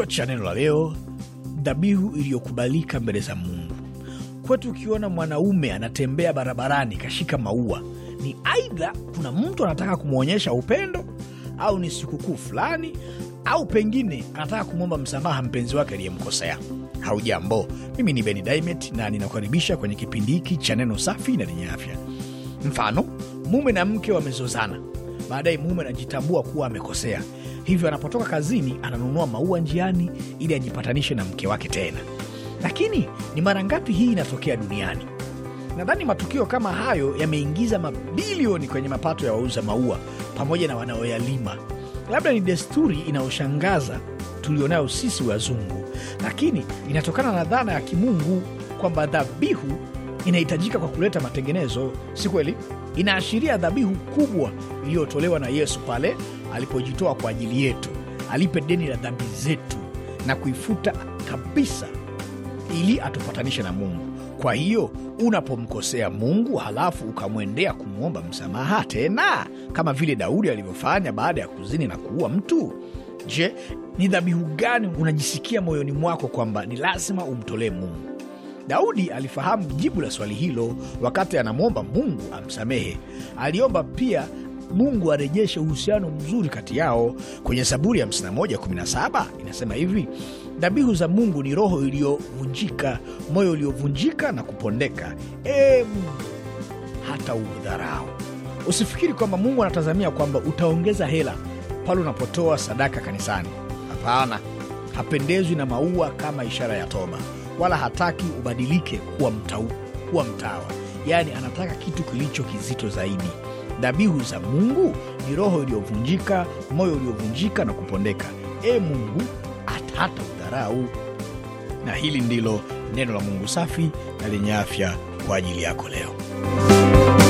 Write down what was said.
Kichwa cha neno la leo: dhabihu iliyokubalika mbele za Mungu. Kwetu ukiona mwanaume anatembea barabarani kashika maua, ni aidha kuna mtu anataka kumwonyesha upendo, au ni sikukuu fulani, au pengine anataka kumwomba msamaha mpenzi wake aliyemkosea. Haujambo, mimi ni Beni Dimet na ninakukaribisha kwenye kipindi hiki cha neno safi na lenye afya. Mfano, mume na mke wamezozana, baadaye mume anajitambua kuwa amekosea hivyo anapotoka kazini ananunua maua njiani ili ajipatanishe na mke wake tena. Lakini ni mara ngapi hii inatokea duniani? Nadhani matukio kama hayo yameingiza mabilioni kwenye mapato ya wauza maua pamoja na wanaoyalima. Labda ni desturi inayoshangaza tulionayo sisi wazungu, lakini inatokana na dhana ya kimungu kwamba dhabihu inahitajika kwa kuleta matengenezo, si kweli? inaashiria dhabihu kubwa iliyotolewa na Yesu pale alipojitoa kwa ajili yetu, alipe deni la dhambi zetu na kuifuta kabisa, ili atupatanishe na Mungu. Kwa hiyo unapomkosea Mungu halafu ukamwendea kumwomba msamaha tena, kama vile Daudi alivyofanya baada ya kuzini na kuua mtu, je, ni dhabihu gani unajisikia moyoni mwako kwamba ni lazima umtolee Mungu? Daudi alifahamu jibu la swali hilo wakati anamwomba Mungu amsamehe. Aliomba pia Mungu arejeshe uhusiano mzuri kati yao. Kwenye saburi ya 51:17 inasema hivi: dhabihu za Mungu ni roho iliyovunjika, moyo uliovunjika na kupondeka. E Mungu, hata uudharau. Usifikiri kwamba Mungu anatazamia kwamba utaongeza hela pale unapotoa sadaka kanisani. Hapana, hapendezwi na maua kama ishara ya toba wala hataki ubadilike kuwa mtau, kuwa mtawa. Yaani anataka kitu kilicho kizito zaidi. Dhabihu za Mungu ni roho iliyovunjika, moyo uliovunjika na kupondeka. E Mungu hata udharau. Na hili ndilo neno la Mungu safi na lenye afya kwa ajili yako leo.